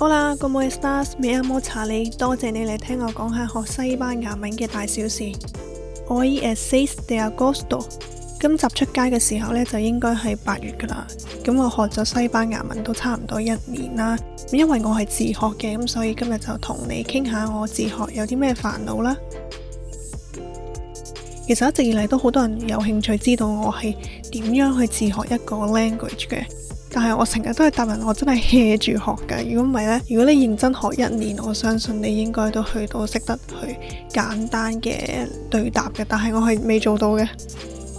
好啦，各位 stars，美阿摩查你，多謝你嚟聽我講下學西班牙文嘅大小事。Hoy es seis de agosto。今集出街嘅時候呢，就應該係八月噶啦。咁我學咗西班牙文都差唔多一年啦。咁因為我係自學嘅，咁所以今日就同你傾下我自學有啲咩煩惱啦。其實一直以嚟都好多人有興趣知道我係點樣去自學一個 language 嘅。但係我成日都係答人，我真係 hea 住學㗎。如果唔係呢，如果你認真學一年，我相信你應該都去到識得去簡單嘅對答嘅。但係我係未做到嘅，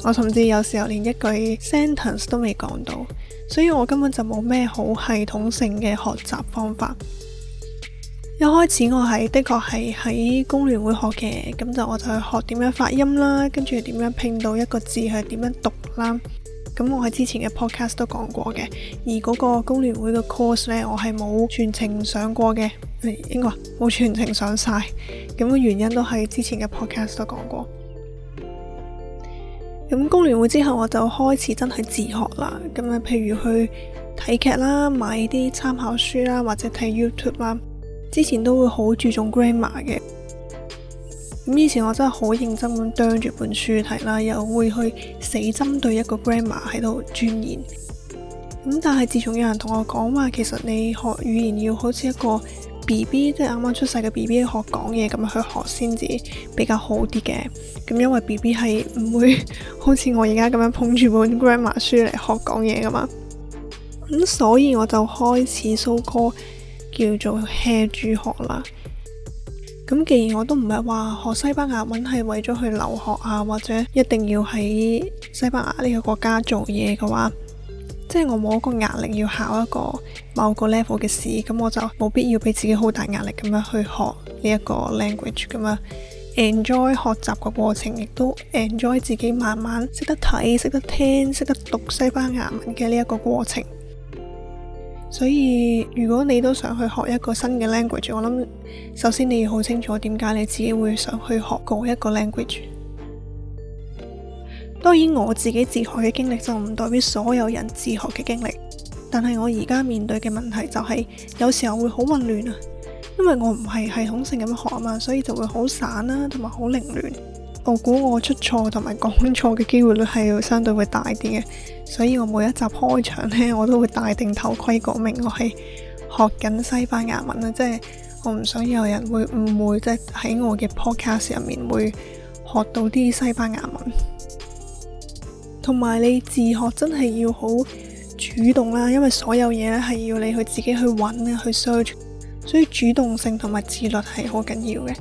我甚至有時候連一句 sentence 都未講到，所以我根本就冇咩好系統性嘅學習方法。一開始我係的確係喺工聯會學嘅，咁就我就去學點樣發音啦，跟住點樣拼到一個字係點樣讀啦。咁我喺之前嘅 podcast 都講過嘅，而嗰個工聯會嘅 course 呢，我係冇全程上過嘅，應該話冇全程上晒。咁個原因都係之前嘅 podcast 都講過。咁工聯會之後我就開始真係自學啦。咁啊，譬如去睇劇啦，買啲參考書啦，或者睇 YouTube 啦。之前都會好注重 grammar 嘅。咁以前我真係好認真咁啄住本書睇啦，又會去死針對一個 grammar 喺度鑽研。咁但係自從有人同我講話，其實你學語言要好似一個 B B，即係啱啱出世嘅 B B 學講嘢咁去學先至比較好啲嘅。咁因為 B B 係唔會好似我而家咁樣捧住本 grammar 書嚟學講嘢噶嘛。咁所以我就開始 so call 叫做 he 主學啦。咁既然我都唔係話學西班牙文係為咗去留學啊，或者一定要喺西班牙呢個國家做嘢嘅話，即係我冇一個壓力要考一個某個 level 嘅試，咁我就冇必要俾自己好大壓力咁樣去學呢一個 language 咁啊，enjoy 學習個過程，亦都 enjoy 自己慢慢識得睇、識得聽、識得讀西班牙文嘅呢一個過程。所以如果你都想去學一個新嘅 language，我諗首先你要好清楚點解你自己會想去學過一個 language。當然我自己自學嘅經歷就唔代表所有人自學嘅經歷，但係我而家面對嘅問題就係有時候會好混亂啊，因為我唔係系統性咁學啊嘛，所以就會好散啦，同埋好凌亂。我估我出錯同埋講錯嘅機會率係相對會大啲嘅，所以我每一集開場呢，我都會戴定頭盔，講明我係學緊西班牙文啦，即係我唔想有人會誤會，即係喺我嘅 podcast 入面會學到啲西班牙文。同埋你自學真係要好主動啦，因為所有嘢咧係要你去自己去揾啊，去 search，所以主動性同埋自律係好緊要嘅。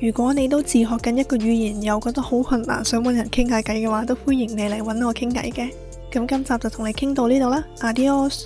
如果你都自學緊一個語言，又覺得好困難，想搵人傾下偈嘅話，都歡迎你嚟搵我傾偈嘅。咁今集就同你傾到呢度啦，Adios。